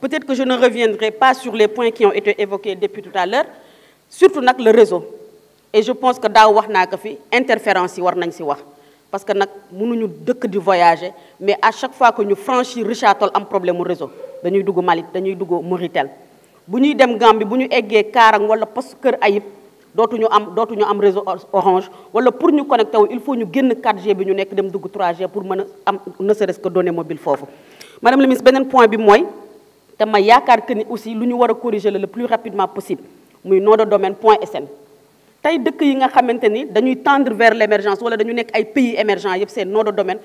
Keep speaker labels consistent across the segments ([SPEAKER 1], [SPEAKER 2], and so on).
[SPEAKER 1] Peut-être que je ne reviendrai pas sur les points qui ont été évoqués depuis tout à l'heure, surtout nak le réseau. Et je pense que daaw wax interférence yi war parce que nous mënuñu dëkk di voyager mais à chaque fois que nous franchissons Richard Toll un problème au réseau dañuy dugg Mali dañuy dugg Mauritel. bu ñuy dem Gambie bu nous eggee Kaarang wala poste Kër Ayib dootuñu am nous am réseau orange wala pour nous connecter, il faut nous génn 4G bi ñu dem 3G pour ne serait-ce que données mobile madame la ministre un point bi mooy te ma que aussi corriger le plus rapidement possible Nous nom de domaine point sn tendre vers l'émergence, ou wala dañu pays émergents yëpp de domaine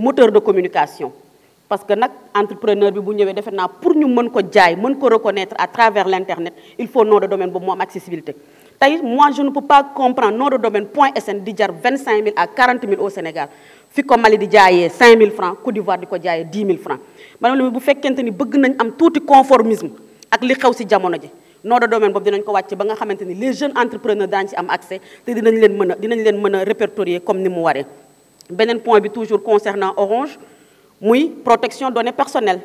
[SPEAKER 1] moteur de communication parce que l'entrepreneur, entrepreneur pour nous nous reconnaître à travers l'Internet, il faut nom de domaine accessibilité Taïs, moi, je ne peux pas comprendre. Notre domaine, point SN Didjar, 25 000 à 40 000 au Sénégal. Fico Mali Didjaye, 5 000 francs. Côte d'Ivoire Didjaye, 10 000 francs. Mais nous faites qu'un tenu, vous avez tout le conformisme. Avec les causes de la notre domaine, les jeunes entrepreneurs ont accès et ils ont répertorier comme nous. Un point toujours concernant Orange, c'est la protection des données personnelles.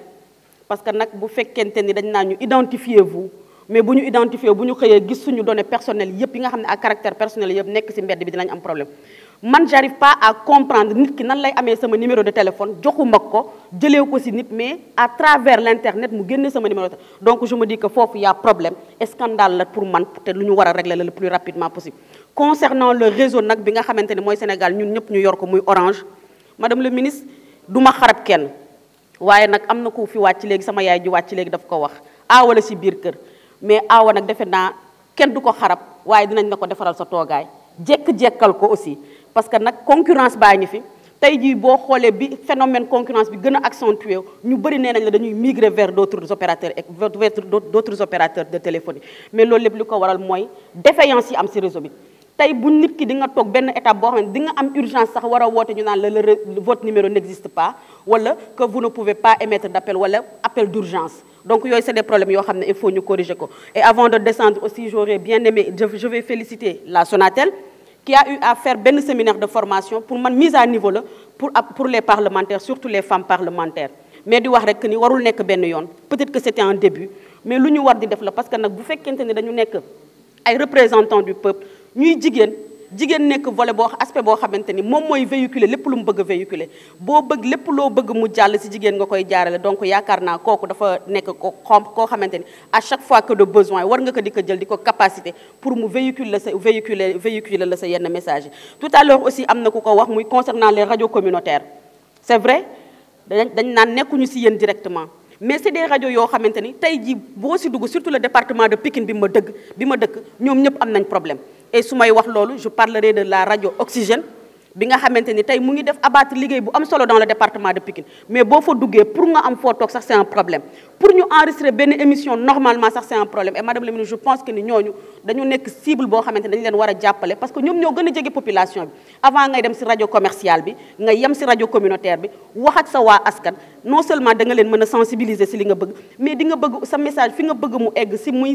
[SPEAKER 1] Parce que si vous faites identifiez-vous, mais si nous identifions, si nous voyons gis suñu données personnelles yëpp yi nga xam ak caractère personnel yëpp nek ci mbedd bi dinañ am problème man j'arrive pas à comprendre nit ki nan lay amee sama numéro de téléphone joxuma ko jëlee ko ci nit mais à travers l'internet mu génne sama numéro de téléphone. donc je me dis que y a problème un scandale pour man Peut-être ñu war a régler le plus rapidement possible concernant le réseau nak bi nga c'est ne Sénégal nous, ñëpp ñu yor ko muy Orange madame le ministre duma xarab kenn waaye nak am na ku fi wàcc léegi sama yaay ji wàcc léegi daf ko wax ah wala ci mais aawa nag defe naa kenn du ko xarab waye dinañ nako defaral sa togaay jek jekal ko aussi parce que nak concurrence baa fi tey jii boo xoolee bi phénomène concurrence bi gën a accentué ñu bari nee la dañuy migrer vers d'autres opérateurs vers d'autres opérateurs de téléphonie mais lool lepp liko waral moy défaillance yi am ci réseau bi tay bu nit ki di nga tok ben étape bo xam di nga am urgence sax wara woté ñu naan le vote numéro n'existe pas wala que vous ne pouvez pas émettre d'appel wala appel d'urgence donc il y a des problèmes il faut nous corriger et avant de descendre aussi j'aurais bien aimé je vais féliciter la Sonatel qui a eu à faire un séminaire de formation pour une mise à niveau pour les parlementaires surtout les femmes parlementaires mais di wax rek ni warul nekk un début. peut-être que c'était un début mais nous, ñu war di def parce que nous sommes fekkente représentants du peuple jigen nek volet boo aspect bo xamanteni mom moy véhiculer lepp lu mu bëgg véhiculer bo bëgg lepp lo bëgg mu jall si jigen nga koy jaarale donc yakarna koku dafa nek ko xom koo à chaque fois que de besoin war nga ko di ko jël diko capacité pour mu véhiculer le sa véhiculer véhiculer la sa yenn message tout à l'heure aussi amna na ku ko wax muy concernant les radios communautaires c'est vrai dañ nan nekkuñu ci yéen directement mais c'est des radios yo xamanteni ni tey bo boo dugg surtout le département de Pikine bi ma dëgg bi ma dëkk ñom ñëpp am nañ problème et su may wax je parlerai de la radio Oxygène bi nga xamante ni tey mu ngi def abattre liggéey bu am solo dans le département de Pikine mais boo fa duggee pour nga am photo, ça sax c'est un problème pour ñu enregistrer benn émission normalement sax c'est un problème et madame le ministre je pense que nous, ñooñu dañu nekk cible boo xamante ni dañu leen war parce que nous ñoo gën a population bi avant ngay dem ci radio commerciale bi nga yem ci rajo communautaire bi wax sa waa askan non seulement vous les leen sensibiliser si li mais di nga bëgg sa message fi nga bëgg mu egg si muy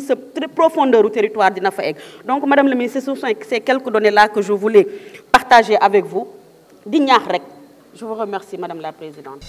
[SPEAKER 1] profondeur du territoire de fa donc madame la ministre ce sont ces quelques données là que je voulais partager avec vous je vous remercie madame la présidente